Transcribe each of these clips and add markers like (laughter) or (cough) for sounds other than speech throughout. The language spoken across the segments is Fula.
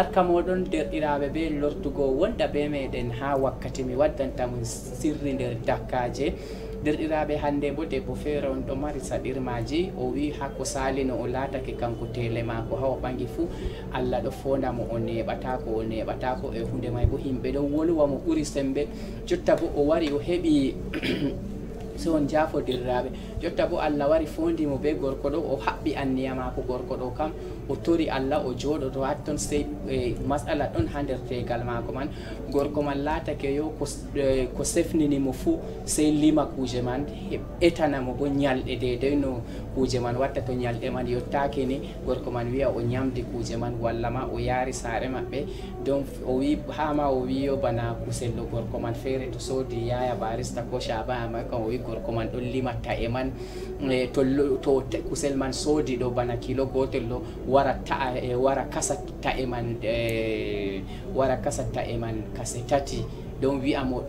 barka moɗon derɗiraɓe be lortugo wonda be meɗen ha wakkati mi waddantamin sirri nder dakkaje derɗiraɓe hande bo debbo feere on ɗo mari saɗirmaji o wi ha ko sali no o latake kanko tele mako ha o ɓangi fuu allah ɗo fondamo o neɓatako o neɓatako e hunde may bo himɓe ɗon wolwa mo ɓuri sembe jotta bo o wari o heɓi so (coughs) on jafodirraɓe jotta bo allah wari fondimo be gorko ɗo o haɓɓi anniya mako gorko ɗo kam o tori allah o jooɗo to hatton sey e, masala ɗon ha nder tegal maako man gorko man laatake yo ko e, sefninimo fuu sey lima kuuje man etanamo bo ñalɗe de dey no kuuje man watta to ñalɗe man yottake ni gorko man wiya o ñamdi kuuje man walla ma o yaari saare maɓɓe donc o wi ha ma o wiyo bana kusello gorko man feere to soodi yaya barista ko chabaa ma kam o wi gorko man ɗon limatta e man to kusel man soodi ɗo bana kilo gotel ɗo wa wara taa e eh, wara kasa ta e man eh, wara kasa ta e man kase tati don wiyamo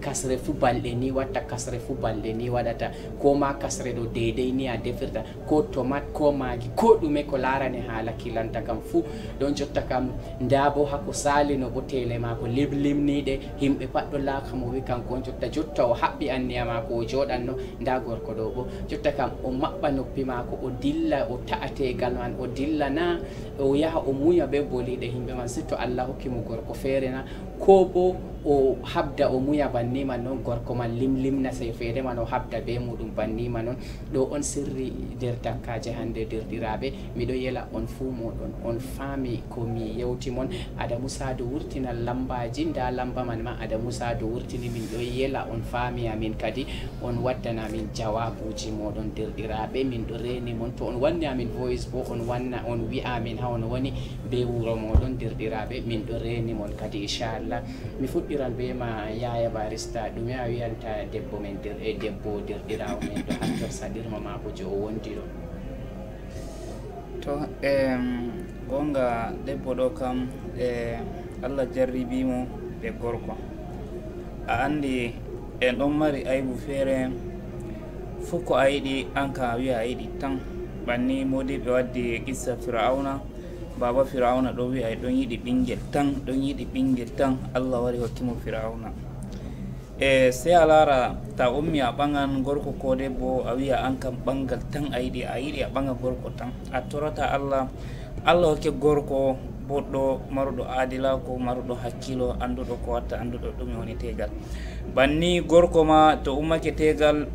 kasre fu balɗe ni watta kasre fu balɗe ni waɗata ko ma kasre ɗo deidei ni a defirta ko tomate ko magi ko ɗume ko larani haala kilanta kam fuu ɗon jotta kam nda bo hako salino bo tele mako liblimniɗe himɓe pat ɗo laaka mo wi kanko on jotta jotta o haɓɓi anniya mako o joɗan no nda gorko ɗo bo jotta kam o maɓɓa noppi mako o dilla o ta'ategal man o dilla na o yaha o muya ɓe boliɗe himɓe man sitto allah hokkimo gorko feere na ko bo o habda o muya muya bannima non gorko ma limlimna sey feere ma no habda be muɗum bannima non noon ɗo on sirri nder dakkaje hannde derɗiraɓe miɗo yela on fuu moɗon on fami ko mi yewti mon adamu sado wurtina lambaji nda lamba man ma adamu sado wurtini min ɗo yela on faami amin kadi on waddana min jawabuji moɗon derɗiraɓe min ɗo reni mon to on wanni amin voice bo on wanna on wi'amin ha on woni be wuro moɗon derɗiraɓe min ɗo renimon kadi inchallah mi fuɗɗiran be ma yaya barista ɗume a wiyanta debbo men e debbo derɗirawo men ɗo hatter saɗirma mako jo o wondi ɗo to e gonga debbo ɗo kam e allah jarribimo ɓe gorko a andi en ɗon mari aybu feere fof ko a yiɗi an ka wiya a yiɗi tan ɓanni modi ɓe waddi qissa firawna baba firauna ɗo wi'ay ɗon yiɗi ɓingel tan ɗon yiɗi ɓingel tan allah wari hokkimo firauna e sey a lara ta ummi a ɓagan gorko ko debbo a wiya an kam ɓangal tan a yiɗi a yiɗi a ɓaga gorko tan a torata allah allah hokke gorko boɗɗo maruɗo adilako maruɗo hakkilo anduɗo ko watta anduɗo ɗum woni tegal banni gorko ma to ummake tegal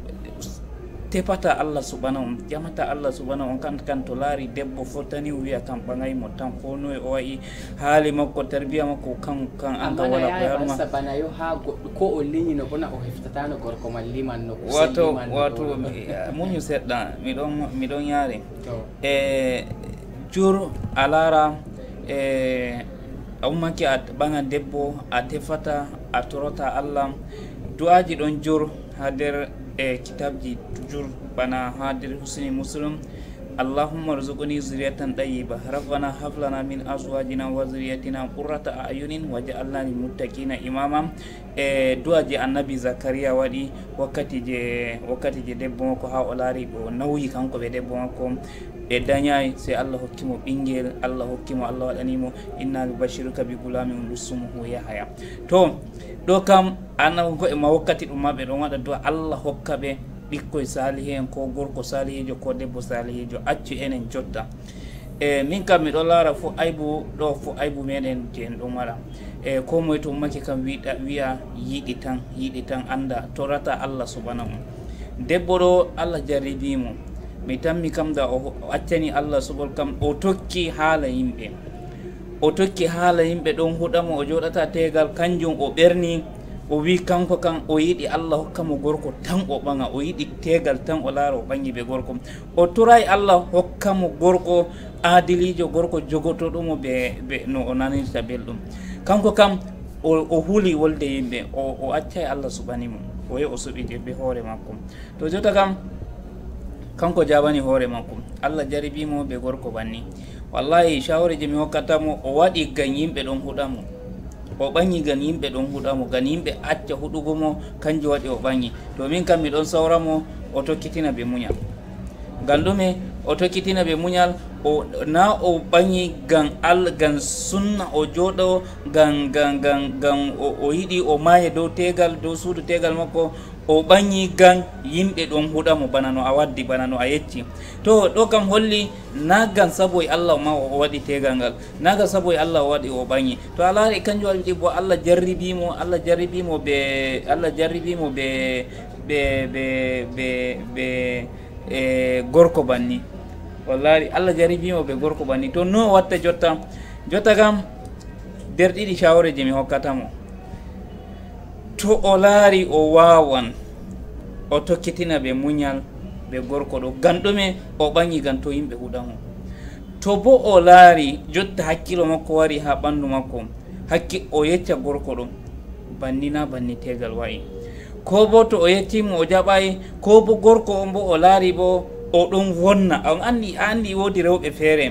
tefata allah subhanahu on ƴamata allah subhanahu kan kan to laari debbo fo fotani wiya kam ɓagay mo tan ko noye o wayi haali makko tarbiya makko kan kan an wala koyaruma yaruma ha goɗɗo ko o liñino bona o heftatano gorko ma no wato wato (laughs) muñu seɗɗa miɗon miɗon yaari e jur a laara e a ummake a ɓagan debbo a tefata a torota allah du'aji ɗon jur ha nder e, eh, kitap di tujur bana hadir husni muslim اللهم ارزقني ذرية طيبة ربنا هب لنا من أزواجنا وذريتنا قرة أعين وجعلنا للمتقين إماما دعاء جي النبي زكريا ودي وقت جي وقت جي debbo makko ha o laari o nawyi kanko ɓe debbo sey allah hokkimo ɓinguel allah hokkimo allah waɗanimo inna bashiruka bi gulami um lussumuhu yahaya to ɗo kam anna ko e ma wakkati ɗum ma ɗon waɗa dow allah hokka ɓikkoye salihien ko gorko salihijo ko debbo salihijo accu enen jotta e min kam miɗo laara fo aybu ɗo fo aybu meɗen jeen ɗum wala e ko moye to make kam wiɗa wiya yiɗi tan yiɗi tan annda torata allah subanahu debbo ɗo allah jarribimo mi tanmi kam da o accani allah subol kam o tokki haala yimɓe o tokki haala yimɓe ɗon huɗamo o joɗata tegal kanjum o ɓerni o wi kanko kan o yiɗi allah hokka mo gorko tan o ɓaŋa o yiɗi tegal tan o laara o ɓaŋi ɓe gorko o turayi allah hokka mo gorko adilijo gorko jogoto ɗumo ɓe ɓe no o nanirta belɗum kanko kam o, o huuli wolde yimɓe o, o accayi allah suɓani mo o yehi o suɓiɗe ɓe hoore makko to jota kam kanko jabani hoore makko allah jaribimo ɓe gorko banni wallahi shawre je mi hokkatamo o waɗi gan yimɓe ɗon huɗamo o ɓaŋi gan yimɓe ɗon huɗamo gan yimɓe acca huɗugo mo kanjum waɗi o ɓaŋi to min kam miɗon sawra mo o tokkitina ɓe muñal gan ɗume o tokkitina ɓe muñal o na o ɓaŋi gan al gan sunna o jooɗo gan gan gan gan o yiɗi o maaya dow tegal dow suudu tegal makko o ɓañi gan yimɓe ɗon huɗamo bana no a waddi bana no a yecci to ɗo kam holli nagan saabu e allah ma o waɗi tegal ngal nagan saabu e allah o waɗi o ɓañi to a laari kanjum waɗi bo allah jarribimo allah jarribimo ɓe allah jarribimo ɓe ɓe ɓe ɓe ɓe e gorko banni wallahi allah jarribimo ɓe gorko banni to no watta jotta jotta kam nder ɗiɗi shawre je mi hokkatamo to o laari o wawan o tokkitina ɓe muñal ɓe gorko ɗo ganɗume o ɓaŋi gan to yimɓe huɗan o to bo o laari jotta hakkilo makko wari ha ɓandu makko hakki o yecca gorko ɗo bannina banni tegal wayi ko bo to o yettimo o jaɓayi ko bo gorko o bo o laari bo o ɗon wonna on anndi a anndi woodi rewɓe feere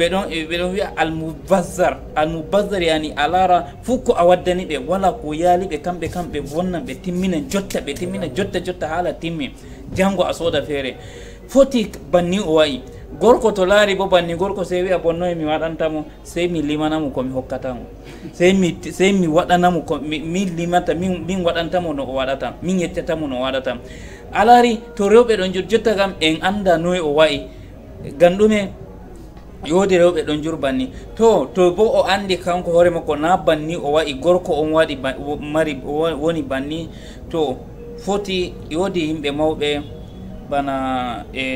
ɓe ɗon e ɓe ɗon wiya almoubasar almoubasar yani a lara fuu ko a waddani ɓe wala ko yaali ɓe kamɓe kam ɓe wonnan ɓe timmina jotta ɓe timmina jotta jotta haala timmi jango a sooda feere foti banni o wayi gorko to laari bo banni gorko sey wiya bonnoye mi waɗantamo sey mi limanamo komi hokkatamo sey mi sey mi waɗanamo ko min limata min min waɗantamo no o waɗata min yeccatamo no waɗata alaari to rewɓe ɗon jotta kam en annda noye o wayi gan ɗumen yodi rewɓe ɗon jurbanni to to bo o andi kanko hoore makko na banni o waɗi gorko on waɗi mari woni banni to foti yodi yimɓe mawɓe bana e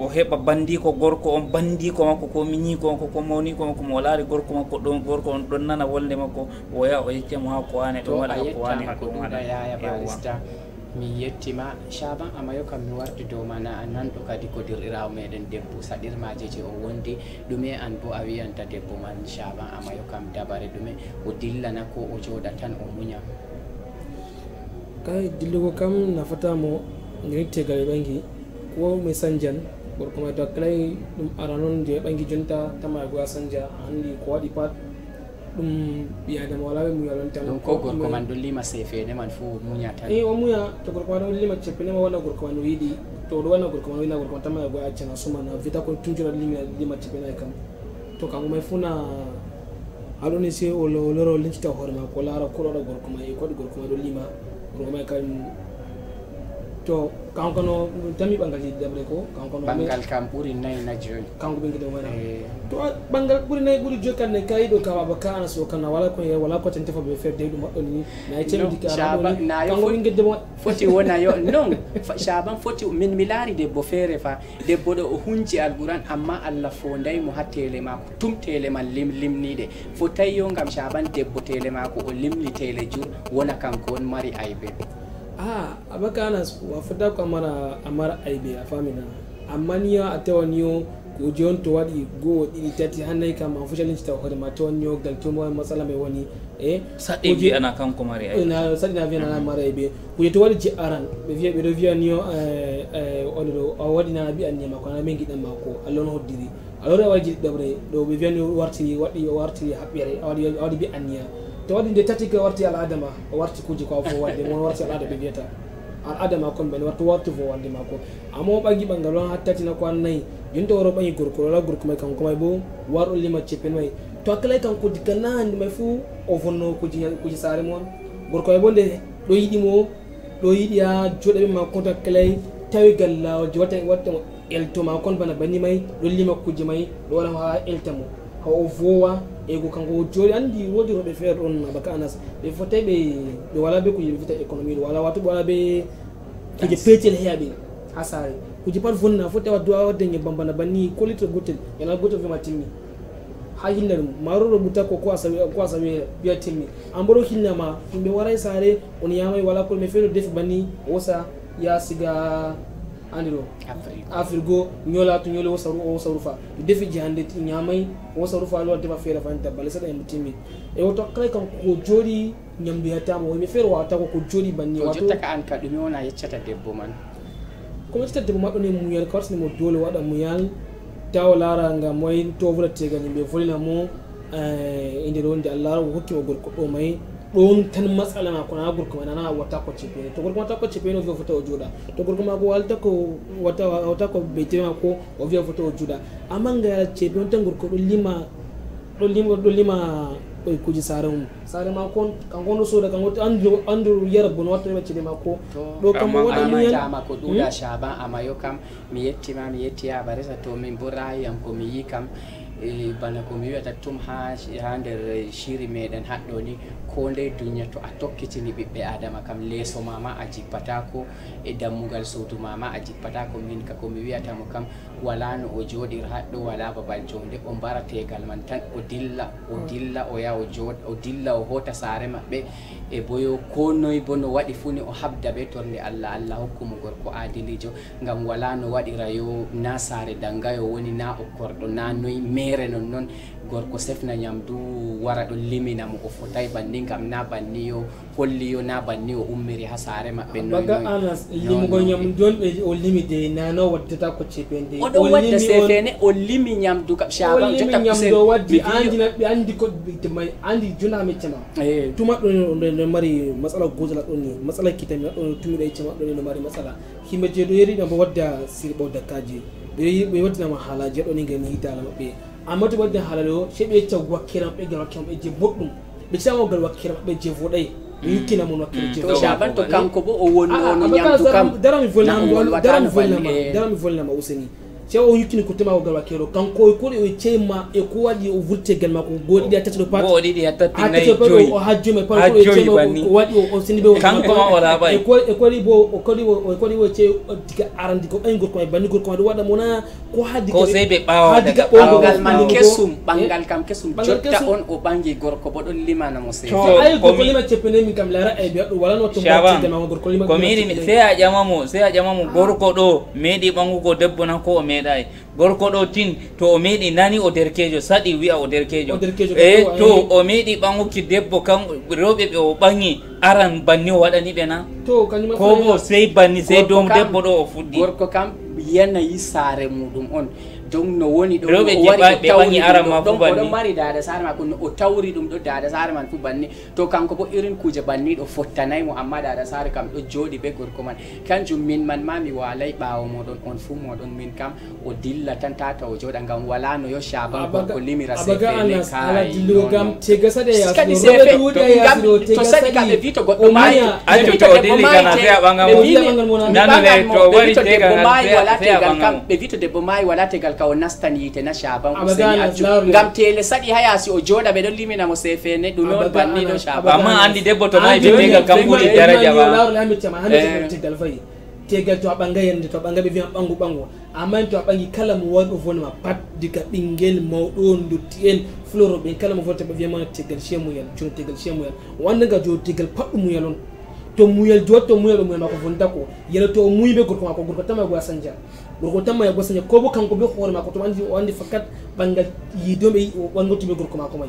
o heɓa bandiko gorko on bandiko makko ko miñiko makko ko mawniko makko mo laari gorko makko ɗon gorko on ɗon nana wolde makko o yaha o mo ha ko wane ɗon waɗa ko wane ko ɗum waɗa mi yettima chaban amayo kam mi wardi dow mana a nanɗo kadi ko dirɗirawo meɗen debbo saɗirmaje je o wondi ɗume an bo a wiyanta debbo man chaban amayo kam dabare ɗume o dillana ko o joɗa tan o muña kai dillugo kam nafatamo ngeni tegal ɓe ɓangi ko mi sanjan gorko mai to kalai ɗum ara non je ɓangi jonta tama e go a sanja handi ko waɗi pat ɗum ɓi adama wala ɓe muyal on tan ko gorko man ɗon lima sefe ne man fo muña tan i o muña to gorko man ɗon lima ceppe nema wona gorko man o yiɗi to ɗo wana gorko man o yiɗa gorko man tan maga goya accana sumana vita ko tujora lima lima ceppe nayi kam to kanko may funa aɗoni se o lora o lincita hoore mako o laara koɗo waɗa gorko e koɗi gorko may ɗo lima gorko may kam to kankono tami ɓangal yidde ko kankono bangal kam ɓuuri nayi na joyi kanko ɓe gueɗe wona to bangal ɓuri nayi ɓuri joyi kanne kayi ɗo kawaba ka ana so kana wala ko wala ko tente fo ɓe febde ɗum maɗɗon ni nayi cemdi kakanko ɓe gueddemo foti wona yo (laughs) non chaban foti min mi laari debbo feere fa debbo ɗo o hunci alquran amma allah fondayi mo ha tele mako tum tele man lim limniɗe fotayi yo gam chaban debbo tele mako o limni tele jur wona kanko on mari aybe a ah, abaka wa wafata kwa mara amara aibe afamina amania atewaniyo kujion to wadi go diri tati hanai kama fushal ni tawo da maton yo gal to mo masala mai wani eh sadi bi ana kan ko mare na sa na bi na mm-hmm. mare be kuje to wadi aran be via be via niyo eh eh odo awadi na bi an nyama kona mengi dan mako allon hodiri allora waji dabre do be via ni warti wadi warti habire awadi awadi bi anya to wadin de tati ke warti al'adama, o warti kuji ko fo wadde mon warti al'adama bi biyata al'adama kon ben warti warti fo wadde mako amma o bagi bangal on hattati na ko annai junta woro bangi gorko la gorko mai kan mai bo war o lima chepen mai to akala kan ko na ni mai fu o vonno kuji kuji sare mon gorko e bonde do yidi mo do yidi ya jodo be mako to kalai tawi galla o jota watta elto ma kon bana bani mai do lima kuji mai do wala ha elta mo ovowa ego kanko jori andi wodi robe feere ɗon abaka anas ɓe fotai be wala be kuje ɓe fita économie wala watu ɓe wala be kuje petel heyaɓe ha saare kuje pat vonna fotai waddu a nge bamba na banni ko litre gotel yana goto fema timmi ha hilna maro maroro ɓuta ko ko a sawi biya timmi an hinna ma be waray sare on yamay wala me feere defi bani wosa ya siga andiro afrigo ñola tu ñole wo saru wo saru fa defi jande ti ñamay wo saru fa lo defa fere fanta balisa da mutimi e wo to kray kan ko jodi ñamdu ya tamo e, mi fere wa ta ko jodi banni wato jotta ka an ka dumi wona yeccata debbo man kuma citta debbo ma do ne muyal kawt ne mo dole wada muyal taw lara nga moy to vula tega ni be volina mo e eh, inde do ndi allah hokki mo gorko do mai ɗon tan matsala na gorko gurkuma na wata ko cipene to gurkuma ta ko cipene ovia fota o to gurkuma ko walta ko wata wata ko betema ko ovia fota o juuɗa amma ngayal cepe on tan gurko ɗo lima ɗo lima ɗo lima ɓoy kuji sare mum sare mako on kanko on ɗo sooda kanko andu andu yara bono watta reɓa ceɗe makko ɗo kammo waɗa miyama ko ɗuɗa chaban amayo kam mi yettima mi yetti ha baresa to min bo rayiyam ko mi yi kam bana ko mi wiyata tum ha ha nder eh, shiri meɗen haɗɗo ni ko nder duniya to a tokkitini ɓiɓɓe adama kam leeso mama a jippatako e dammugal suudu mama a jippatako min ka komi wiyatamo kam wala no o jooɗir haɗɗo wala babal jonde o mbara tegal man tan o dilla o mm. dilla o yaha o jooɗ o dilla o hota saare maɓɓe e boyo ko noyi bo no waɗi fuuni o habda ɓe torde allah allah hokkumo gorko adilijo ngam wala no waɗira yo na saare dangayo woni na o korɗo na noyi mere non noon gorko sefna nyamdu wara ɗo liminamo o fotai banni gam na banni yo holli yo na banni o ummiri ha saare maɓɓe baga anas limugo jon ɓe o limi de nano waddata ko cefende oɗo wadda sefene o limi nyamdu kam chaban jotta nyamdu waddi andina ɓe andi ko may andi jona meccama eh. tuma ɗo no mari matsala gozala ɗon ni matsala kitami ɗo tumiɗo e eccama ɗo no mari matsala himɓe je ɗo yeriɗamo wadda sirɓo dakkaji ɓe waddanama haalaji aɗo ni ngani hitala maɓɓe amma to wadda halalo she be ta wakira be ga wakira be je boddum be ta wagal wakira be je vodai yukina mun wakira je mm. to shaban to kanko bo o wonno on nyam to kam daram volnam daram volnam daram volnam useni cɛ oh, o yikini ko tema o galwa kero kan ko ko o cɛ ma e ko wadi o vurte ma ko godi da tatro pat godi da tatro na joy o hajjo me par ko cɛ o wadi o sini be kan ko wala bai e ko e ko bo o ko ribo o ko ribo cɛ diga arandi ko en gorko e bani gorko wada mona ko hadi ko se be bawo hadi ga o galma eh? kesum bangal kam kesum jotta on o bangi gorko bodo lima na mo se to ay ko lima cepene min kam lara e eh, bi do wala no to gorko lima ko mi se a jamamu se a jamamu gorko do medi bangu ko debbo na ko o meeɗayi gorko ɗo tin to o meeɗi nani o derkejo saɗi wiya o derkejo e eh, to o meeɗi ɓaŋuki debbo kan rewɓe ɓe o ɓaŋi aran banni o waɗani ɓe na ko bo sey banni sey dom debbo ɗo o fuɗɗi gorko kam yanayi saare muɗum on no woni ɗo ɓe ɓe wañi aran ma banni oɗon mari dada sare ma kono o tawri ɗum ɗo dada sare man fo banni to kanko bo irin kuje banni ɗo fottanaymo amma dada sare kam ɗo jooɗi be gorko man kanjum min man ma mi walay ɓaawo moɗon on fuu moɗon min kam o dilla tan tata o jooɗa ngam wala no yo chaban gorko limira sefeleto saɗi kam ɓe wi to goɗɗo mayto ɓe wi e- e- e- to debbo mayi wala tegal kam ɓe wi to debbo maayi wala tegal ka o nastan yite na shaban ngam tele saɗi ha yasi o joɗa ɓe ɗon liminamo sefene ɗume on banni ɗo shaban amma andi debbo to nayi bimmigal kam ɓuri daraja ba tegal to a ɓanga yande to a ɓanga ɓe wiyan ɓangu ɓangu amma to a ɓangi kala mo wari o vonima pat diga ɓinguel mawɗo on dotti en floroɓe kala mo vonta ɓe wiyama tegal che muyal jon tegal che muyal o andaga jo tegal pat ɗum muyal on to muyal jowat to muyal ɗo muyal mako vonta ko yala to o muyi ɓe gorko mako gorko tama a sandia gorko tan maya gosanya ko bo kanko be hoore makko to andi o andi fakat bangal yidoɓe wangotuɓe gorko mako may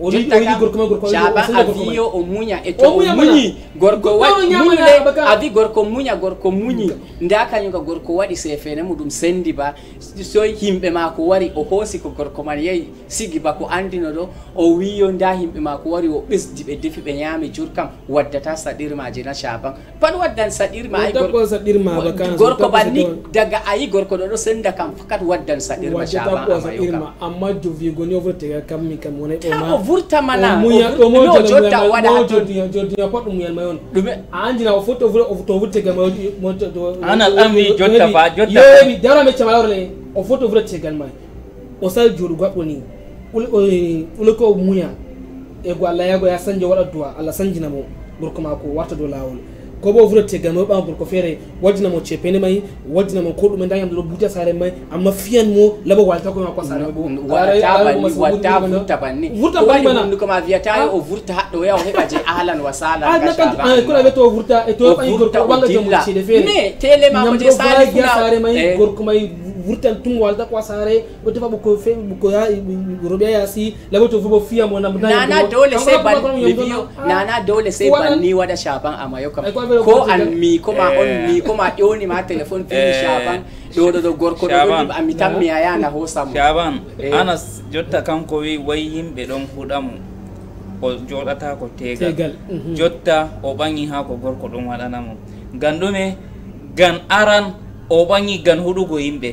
jotaka caba aviyo o muña e to muñi gorko waɗimuñde avi gorko muña gorko muñi nda kañum gorko waɗi sefene muɗum sendi ba so himɓe mako wari o hoosi ko gorko man yehi sigi ko andino ɗo o wiyo nda himɓe mako wari o ɓesdi ɓe defi ɓe ñaami jur kam waddata saɗirmaji na caban pat waddan saɗirma gorko banni daga ayi gorko ɗo ɗo senda kam fakat waddan saɗirma caban amma jovigoni ovrtega kammi kam wonay o vurtamana no jotta waɗajotta pat ɗum yanma on a andina o foti to vurtegal maanal an wi jotta ba jotta yewi darame camalawrele o foti o vura tegal ma o sal joɗu goɗɗo ni ɓule ko muya e go allah yago ya sanje waɗa duwa allah sañjina mo gorko ma ko warta dow lawol ko bo vuro tegano ba gorko fere wajina mo cepene mai wajina mo ko dum ndayam do buja sare mai amma fiyan mo laba walta ko ko sare bo wata bani wata vurta bani vurta bani mana ko ma via tayo o ah. vurta haddo ya o heba je ahlan wa sahlan ah, ka shaba ah, ko la beto vurta e to ko gorko wanga jamo cede fere ne tele ma mo je sare funa mai eh. gorko mai vurtal tungo walta kwa sare wote fa boko fe boko ya robia ya si la wote fo fiya mona mona na na dole se ban bibiyo na na dole sai ban ni wada shaban amayo kam ko an mi ko ma eh. on mi ko ma yoni ma telefon fi eh. shaban do do do gorko do ami tan mi aya na hosa mu shaban eh. anas jotta kanko wi wai himbe don kudamu o joɗata ko tegal mhm. jotta o ɓaŋi ha ko gorko ɗum waɗanamo ngam ɗume gan aran o ɓaŋi gan huɗugo yimɓe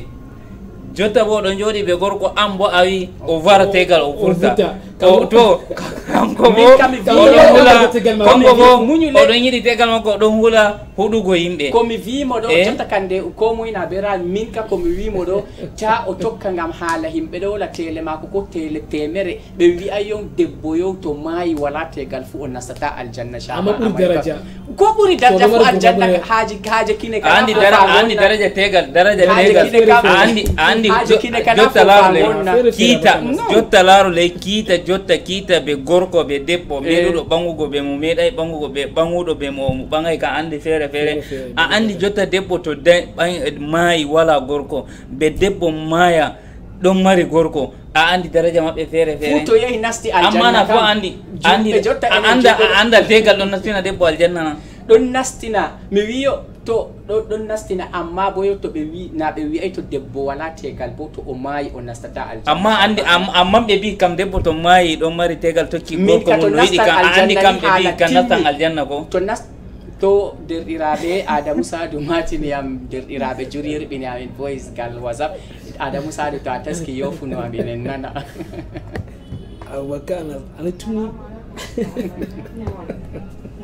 jotta bo ɗo jooɗi ɓe gorko an bo a wi o wara tegal o furta to to kanko bo oɗon hula kanko bo oɗon tegal makko oɗon huula huɗugo yimɓe komi wimo ɗo jotta eh? kande ko moyna beral min ka komi wimo ɗo ta o tokka gam haala himɓe ɗowla tele mako ko tele temere ɓe wi'a yon debbo yow to maayi wala tegal fu o nasata aljanna shama ko ɓuuri daraja fo aljanna haaji haaje kine kana andi daraja tegal daraja tegal andi andi jotta laaro ley kiita jotta laaro le kiita jotta kiitaɓe gorko ɓe debbo eh. meɗuɗo ɓangugo ɓe mo meeɗay ɓangugo ɓe ɓanguɗo ɓe mo ɓangay ka andi feere feere a andi jotta debbo to maayi wala gorko ɓe debbo maaya ɗon mari gorko a andi daraja maɓɓe feere feere na fo andi andi a anda a anda tegal ɗon nastina debbo aljanna na ɗon nastina mi wiyo to ɗo ɗon nastina amma bo yo to ɓe wi na ɓe wi'ay to debbo wala tegal bo to o maayi o nastata aljanna amma andi amma ɓe mbi kam debbo to maayi ɗon mari tegal tokki gorko mum no yiɗi kam andi kam ɓe mbi kam nastan aljanna ko to nas to derɗiraɓe adamu sadu matiniyam derɗiraɓe jurirɓini amin voice gal whatsapp adamu sadu to a taski yofuno amin en nana (laughs) wakana ana tuma (laughs)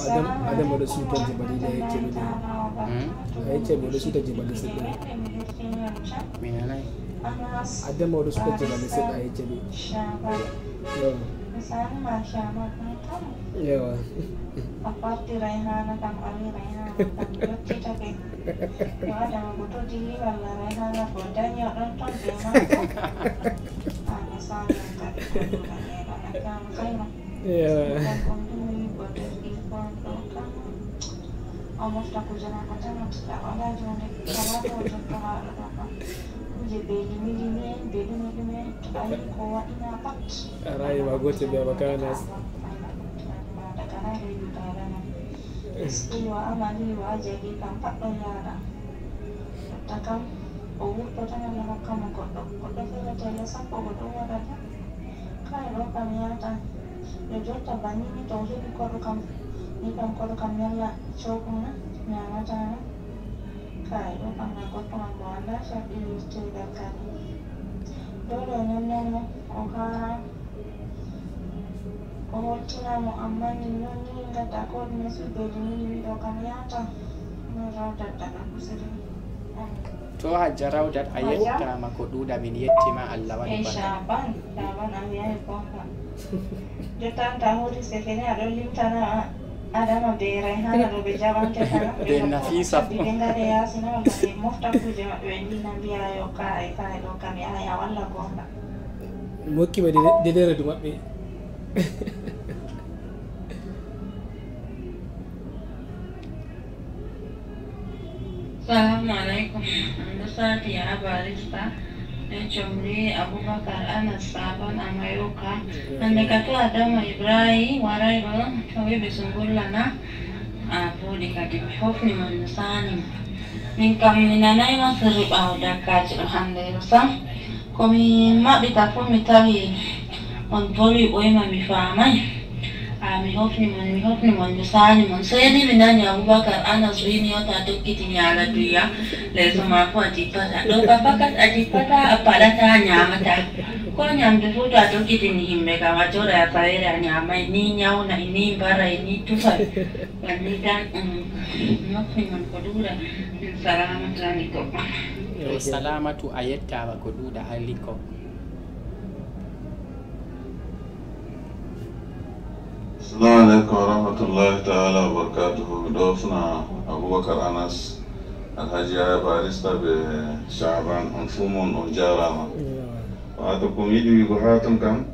adam adam oɗo suuta je baɗiɗa yecceɗo ɗe a yeccami oɗo je baɗe seɗɗa min anayi adam mana suuta ada baɗe seɗɗa a yecceɓe yawa yawa a fatti rayhana kam ami rayhana kam jottitake mi waɗama goto dilli walla rayhana ko dañi oɗon ton be maɗa a mi sami kam kaɗa kam Yeah almost akuzanak az önök, a kita a rágyónik találnak. Ugye beli milime, beli milime, aikowa ina pat. Arai wagote bia bakanas. Takanari bitarana. Ya. Istiwa amani wa jadi kampak layara. Takam oh, eh. pẹ̀lú ọmọ kan mọ̀ kọ̀dọ̀ Kok fẹ́rẹ̀ jẹ́ lẹ́sàpọ̀ kọ̀dọ̀ kok dáadáa. Káyọ̀ lọ́pàá ni á ta. Yọ̀jọ́ tàbá ní nítorí kọ́dọ̀ kan fún. நிப்பம் கொடுக்கம் எல்லா சோப்புங்க ஞாபகம் కాయలు అన్న గొప్ప బాండ shirt use చేయగలుగుతాను adama ɓe rayhana no ɓe jaɓantata ɓe nafisa ɓe ngare yasina ɓe mofta kuje maɓɓe ɓe ndina mbiya yo ka e kae ɗo kam yahaya walla gonga mi hokkima dedere du maɓɓe salamu aleykum amdo sati ya abarista Chomri Abubakar Anas Saban Amayoka andikataa ibrahim warai waraigo tawi bisungullana abuudi kadi hofni man sanim min kam mi nanayma sirri ɓaawo dakkaji ɗo hanndeero sam komi maɓɓita fuu mi tawi on boli ɓoyma mi faamay amihofni man mihofni man misani man so yani nani abubakar ana suini yota tokkiti nyala duya leso mako ajipata doka fakat ajipata apadata nyamata ko nyamdu futu atokiti ni himbe kama chora ya paera nyama ini nyauna ini mbara ini tufa wanidan mihofni mm, man kodura salamatani ko salamatu ayettaba ko duuɗa halli ko Assalamu alaikum warahmatullahi ta'ala wa wabarakatuhu. Dofna Abubakar Anas Alhaji aya barista be Shaaban fumon on jarama. Wato ko mi yiɗi wigo ha ton kam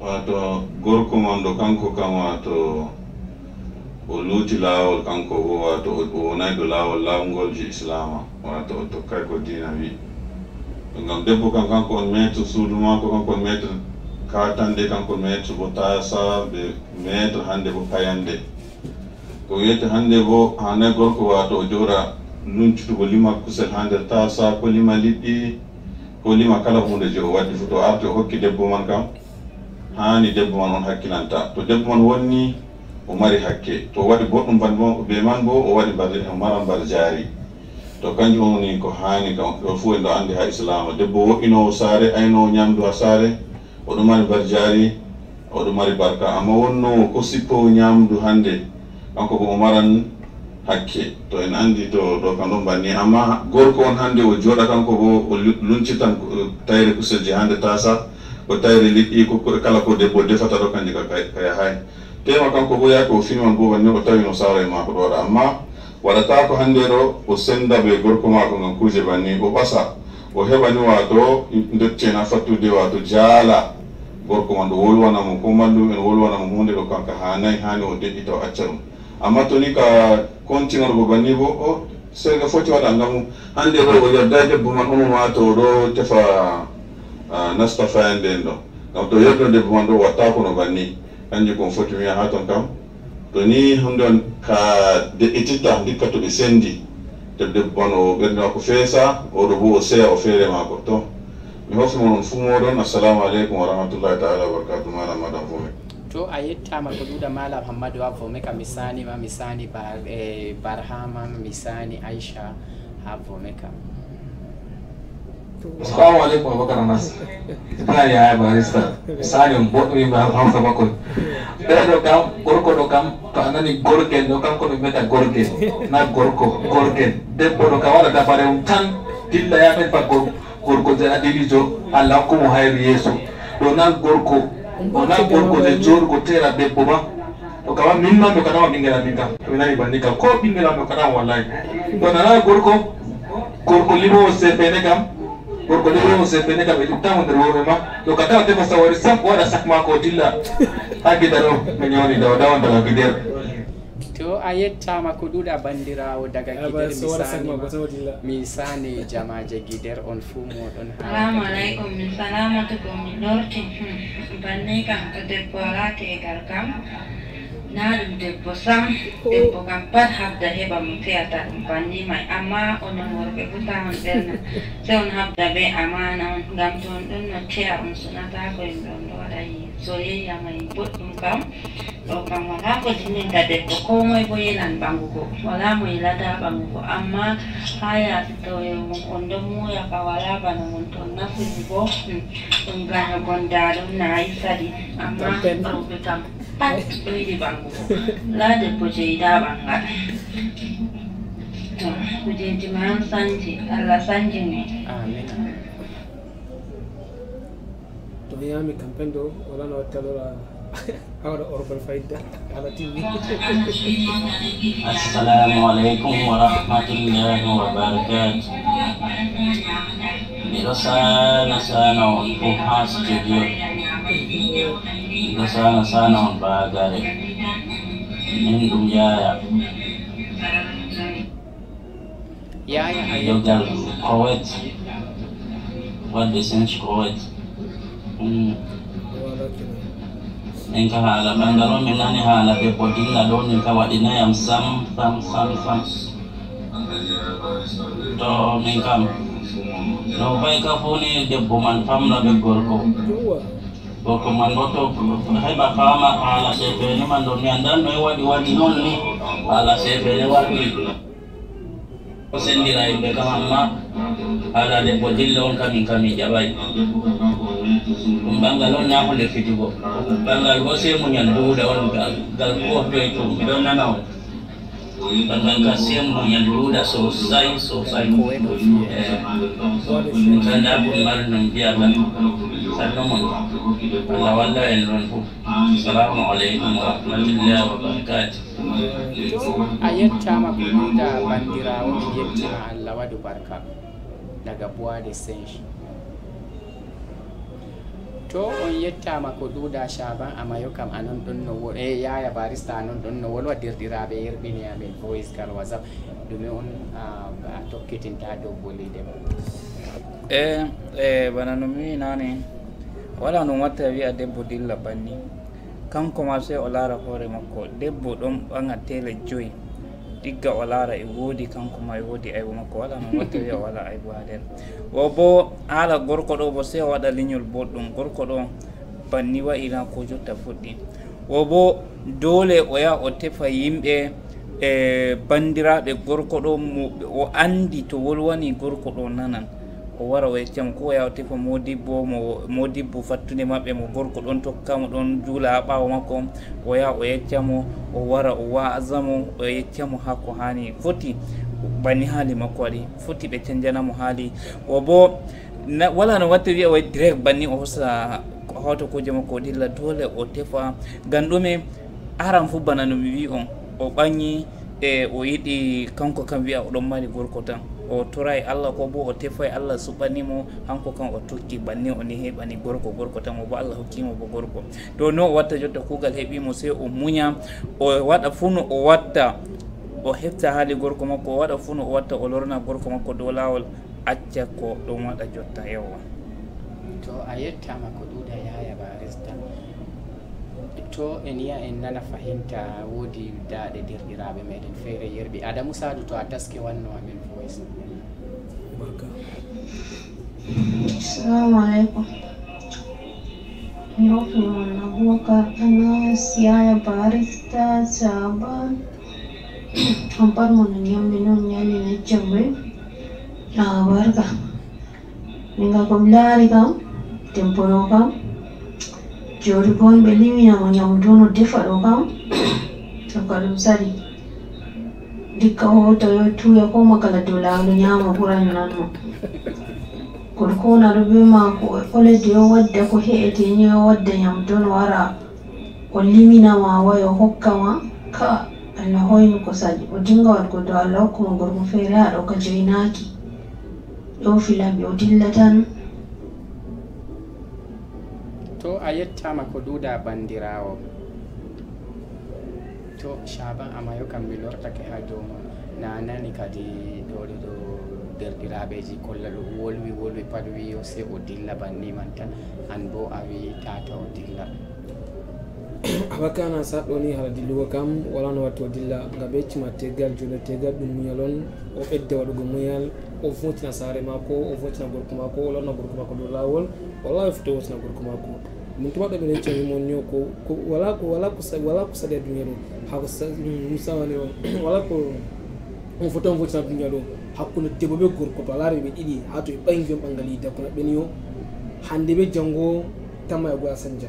wato gorko man ɗo kanko kam wato o luuti laawol kanko bo wato o wonay ɗo laawol laawngol je islama wato o tokkay ko diina wi ngam debbo kam kanko on maître suudu maako kanko on maître katande kanko maître mo taasa ɓe maître hannde mo payande ko wiyete hannde bo hanay gorko waato o joora numcutugo lima kusel ha nder taasa ko lima liɗɗi ko lima kala hunde je o waddi fu to arti o hokki debbo man kam hani debbo man on hakkilanta to debbo man wonni o mari hakke to waɗi boɗɗum be man bo o waɗi mara mbar jaari to kanjum woni ko hani kam ɗo fu en ɗo andi ha islama debbo wo'inowo saare aynowo ñamdu ha saare oɗo mari bar jaari oɗo mari barka amma wonno ko sippowo ñamdu hannde kanko ko maran hakke to en anndi to ɗo kam ɗon banni amma gorko on hannde o jooɗa kanko bo o luncitan tayre kuselje je hannde tasa ko tayre liɗɗi ko kala ko debbo defata ɗo kanje ka yahay tema kanko bo yaake o finiman bo banni o tawi no sawra e maako ɗo waɗa amma waɗata ko hannde ɗo o senda be gorko maako ngam kuuje banni o ɓasa o heɓani wato dottena fattude wato jaala gorko man ɗo wolwanamo ko mallum en mo hunde ɗo kanka ha nayi hani o deɗɗi taw acca ɗum amma toni ni ka continorgo banni bo o sega foti waɗa ngam hande ɗo o yadda debbo man omo wato ɗo tefa nasta fayande nden ɗo gam to yerdo debbo man ɗo watta kono banni kanjum kon foti wiya ha ton kam to ni hunde on ka deɗɗititta dikka to ɓe sendi debbo on o ɓernda ko feesa oɗo bo o seya o feere maako to mi hofnimo noon fuu moɗon assalamu aleykum wa rahmatullahi taala wabarakatu malam madame fome to a yettama ko ɗuuɗa malam hammadou a ka mi saanima mi sani eh, barhama mi sani aicha ha fome kam Assalamu alaikum Abubakar Anas. Ina ya haya barista. Misali mboto yimba hamsa bako. Bere do kam gorko do kam to anani gorke do kam ko meta gorke. Na gorko gorke. Debbo do kam da bare um tan dilla ya men pakko gorko je adili jo Allah ko mo hayri yeso. Do na gorko ona gorko je jorgo tera debbo ba to kama min ma do kana bingela min to nani bandika ko bingela do kana wallahi to na gorko gorko libo se pene kam kokole yose beneka beli ma to lokata te fasa wari sam wara sakma ko dilla agi daro menyoni daw daw daga gider to a yettama ko ɗuɗa bandirawo daga gider mi sani jamaje gider on fuu moɗon salamu aleykum mi salamatu ko mi lorti bannei kam to debbo ala tegal kam Nan debbo Sam, debbo kam pat habda heɓa mo fiyata ɗum banni ama amma onon worɓe buta on ɓerna, sey on habda be amana on, ngam to on ɗon no teya on sunata ko yimɓe on ɗo waɗa soyayya may boɗɗum kam, ɗo kam wala ko jiminta debbo ko moy bo yelan ɓangugo, wala mo yelata ɓangugo, amma ha yaasi to on ɗon muya ka wala bana on to on nafiri bo, ɗum bana gonda ɗum naayi ama amma rewɓe kam Ini di bangun Lah de puji ida bangga. Puji jemaah sanji, sanji ni. Amin. To yami kampendo wala na talora awra orbal faida ala tv. Assalamu warahmatullahi wabarakatuh. Mirasa nasa na upuha studio. tika sana sana on baagare min ɗum yaya dewgal kowet wadde senc kowet min mm. ka haala ɓangal on min nani haala debbo dilla ɗo min ka waɗinayam sam sam sam sam to min kam no bay ka funi debbo man famna ɓe gorko o ko man goto kama ala sefene man ɗo mi andan di wadi waɗi waɗi noon ni ala kosendi warɗi o sendira yimɓe kam amma haɗa jil dilla kami kami jabai ɗum galon on na hunde fitugo ɓangal bo sei muñal on gal ko toye bakakasemu kunyatuluda sosai sosai eh, ntanda kumbali nombiyaka sannomon allah walla en ɗon fof assalamu aleykum wa rahmatullahi wa barakatu a yettama ko minda bandirawo mi yettima allah waɗu barka daga bois de to on yettama ko duuda chaban amayo kam anon ɗon no wol e eh, yaya barista anon ɗon no wolwa dirɗiraɓe yerɓini amin voice kar whatsapp ɗume on a tokkitinta dow bolide ma e eh, e eh, bana no mi nani wala no watta wiya debbo dilla banni kanko ma sey o laara hoore makko debbo ɗon ɓaŋa tele joyi ɗigga o laara e woodi kanko ma e woodi aybo makko wala no wattiri o wala aybo ha nden o bo haala gorko ɗo bo se o waɗa leñol boɗɗum gorko ɗo banni wayina ko jotta fuɗɗi o bo doole o yaha o tefa yimɓe e eh, bandiraɓe gorko ɗo mo o andi to wolwani gorko ɗo nanan o wara o yeccam ko o yaw tefa modibbo mo modibbo fattude maɓɓe mo gorko ɗon tokkamo ɗon juula ha ɓawo makko o yaha o yeccamo o wara o wasamo o yeccamo ha ko hani foti banni haali makko waɗi foti ɓe canjanamo haali o bo wala no watte wiya o direct banni o hosa hawta kuje makko o dilla dole o tefa gam ɗume aran fu bana no mi wi on o ɓangi e o yiɗi kanko kam wiya oɗon mari gorko tan o toray allah ko bo o tefoy allah suɓanimo hanko kan o tokki banni oni heɓani gorko gorko tan o bo allah hokkimo bo gorko to no o watta jotta kuugal heeɓimo sey o muña o waɗa fuu no o watta o hefta haali gorko makko o waɗa fuu o watta o lorna gorko makko dow lawol acca ko ɗum waɗa jotta yewwa to a yettama ko to en yiya en nana fahinta woodi daaɗe derɗiraaɓe meɗen feere yerɓi adamou sadou to a taske wanno amen voice assalamu aleykum Rahman Abubakar Anas Yaya Barista saban Saba Ampar Munanyam Minum Yani a warga Ninga Kumlari Kam tempono Kam jori bo ɓe liminamo nyamdu no defa ɗo kam to ka ɗum sali dikka to yo tuya ko makala dow lawlu nyama ɓuran nanmo gorkona ɗo be mako o leddi yo wadda ko he'ete ni yo wadda nyamdu no wara o liminama wayo hokkama ka allah hoyni ko sali o dinga wadgo do allah hokkuma gorko feere haɗo ka joyinaki ɗo filaɓe o dilla tan a yettama ko duuda bandirawo to chaban amayo kam mi lortake ha dow na nani kadi ɗo ɗo ɗo derɗiraɓeji kolla ɗo wolwi wolwi pat wiyo se o dilla banni man tan an bo a wi tata o dilla (coughs) awakana sat ɗo ni haɗa dilluwo kam wala no watta o dilla ga ɓe ccima tegal jole tegal ɗum muyal on o ɓedde waɗugo muyal o fotina saare mako o fotina gorko mako o lorna gorko mako ɗo lawol wallah o fito wotina gorko mako ko ko ko ko wala wala wala musa omuntu bagambira ekyoyima nnyo foto dunyalo hakusamusawaneo (clears throat) walaku mfuta mvuta na dunyalo be gor ko balare be idi ha to bangi ɓangi on ɓangal yidda kuna ɓeniyo hande be jango tamma e goya sanja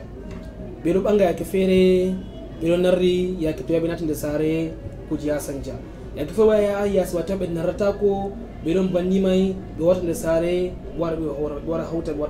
ɓeɗo ɓanga yake be ɓeɗo narri yake toya ɓe nati nde saare kuji ya sanja yake fe waya yasi watta ɓe narata ko ɓeɗon banni mai ɓe wata de sare war be hora ɓe wara hawta ɓe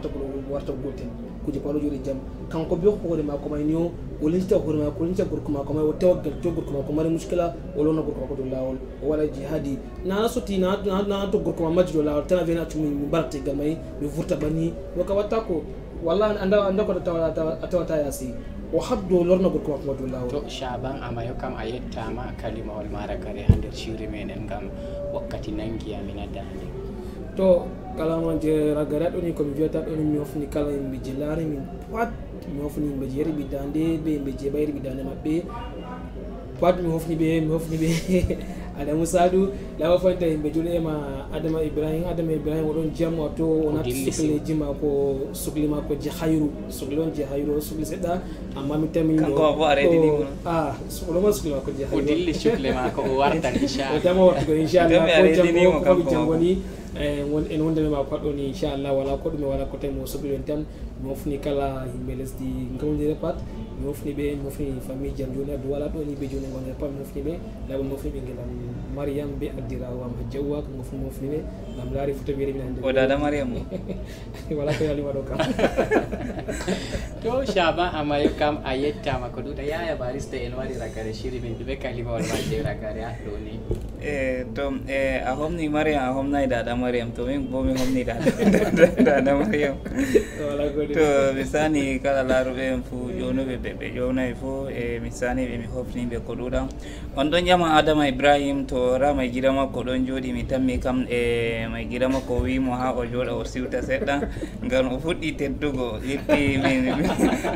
warta gotel kuje paro juri jam kan ko bi ko ma ko may niyo wolin ta ko ma ko lin ta gurku ma ko may tawakkal to gurku ma ko mari mushkila wala na gurku ko lawol wala jihadi na na suti na na to gurku ma majdo lawol tana vena tumi mubarakti gamai be furta bani waka watta ko wallahi anda anda ko tawata yasi o habdo lorna gorko ko waddu lawol to chaban amayo kam a yettama kalimawol mara kare ha nder siri meɗen gam wakkati nangi amina dande. to kala mo je ragara ɗo ni komi wiyata ɗo ni mi hofni kala yimɓe je laari min pat mi hofni yimɓe je yeriɓi dande ɓe yimɓe je ɓayriɓi dande maɓɓe pat mi hofni ɓe mi hofni ɓe (laughs) adamu sadu lawa fanta himɓe juɗe ema adama ibrahim adama ibrahim oɗon jamma to o natti sukleji mako sukli mako je hayru sukli on je hayru o sukli seɗɗa amma mi tammikankobo aredinio a oɗoma sukli mako je hayru o dilli sukle mako o wartan (laughs) inchallah o tama wartugo inchallah ko jango ko jangoni Eh, en wondeme ma koɗo ni inchallah wala koɗume wala ko temo soɓiɗen tan mofni kala yimɓe lesdi gawdire pat mufniɓe mufni famille jam joni addu wala ɗo ni ɓe joni gonɗen pat mufniɓe laaɓa mufniɓe guelam mariam be addirawam jawwa ko mof mufniɓe gam laari foto wiiri min hande o oh, dada mariam o wala (laughs) ko yalima ɗo kam (laughs) to chaban amayo kam a yettama ko ɗuɗa yaya barista en waɗira kare shiri min ɗuɓe kalimawol waɗdira kare ha ɗo ni e to e a homni mariam ahom homnayi dada mariam to min bo mi homni dada mariam to mi sani kala laaruɓe en fo jonuɓe pepe ɓe ƴownayi ifo e mi sani mi hofniɓe ko ɗuɗam on ɗon jama adama ibrahim to ra mai gida makko ɗon jooɗi mi tammi eh, kam e may gida makko wimo ha o jooɗa o siwta seɗɗa ngam o fuɗɗi teddugo yitti min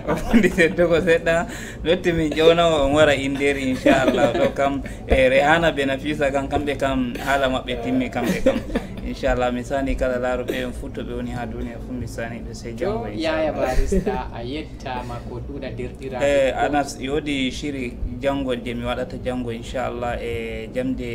o fuɗɗi teddugo seɗɗa lotti min jona on wara inderi inchallah do kam e rehana be nafisa kam kamɓe kam haala mabbe timmi kamɓe kam inchallah mi sani kala laaroɓe en fuɗɗoɓe woni ha duniya fuu mi sani ɓe sey eh, jango barista anas yoodi shiri janngol je mi waɗata jango inchallah e eh, jamde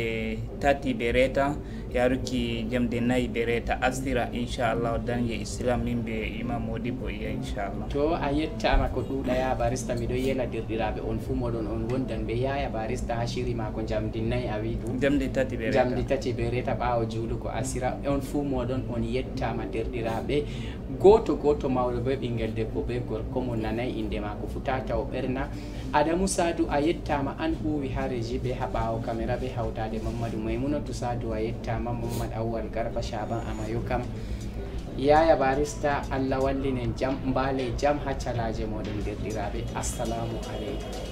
tati ɓe reeta yaruki jamde nayyi ɓe reeta astira inchallahu dañde islam min ɓe imam modi bo iya inchallah to a yettama ko ɗuuɗa yaa barista miɗo yiyana derɗiraaɓe on fuu moɗon on wondan ɓe yaya barista ha chérie ma ko jamdi nayyi a wii ɗum jamdi tati ɓe jamdi tati ɓe reeta ɓaawa juulu ko asira on fuu moɗon on yettama derɗiraaɓe goto goto mawɗo be ɓinguel debbo be gorko mo nanayi inde mako fo tata o ɓerna adamou sadou a yettama an huwi ha régi ɓe ha ɓawo caméra ɓe hawtade mamadou maymounatou sadou a yettama mamad awwal garba chaban amayo kam yaya barista allah wallinen jam mbaale jam ha calaje moɗon derɗiraɓe assalamu aleykum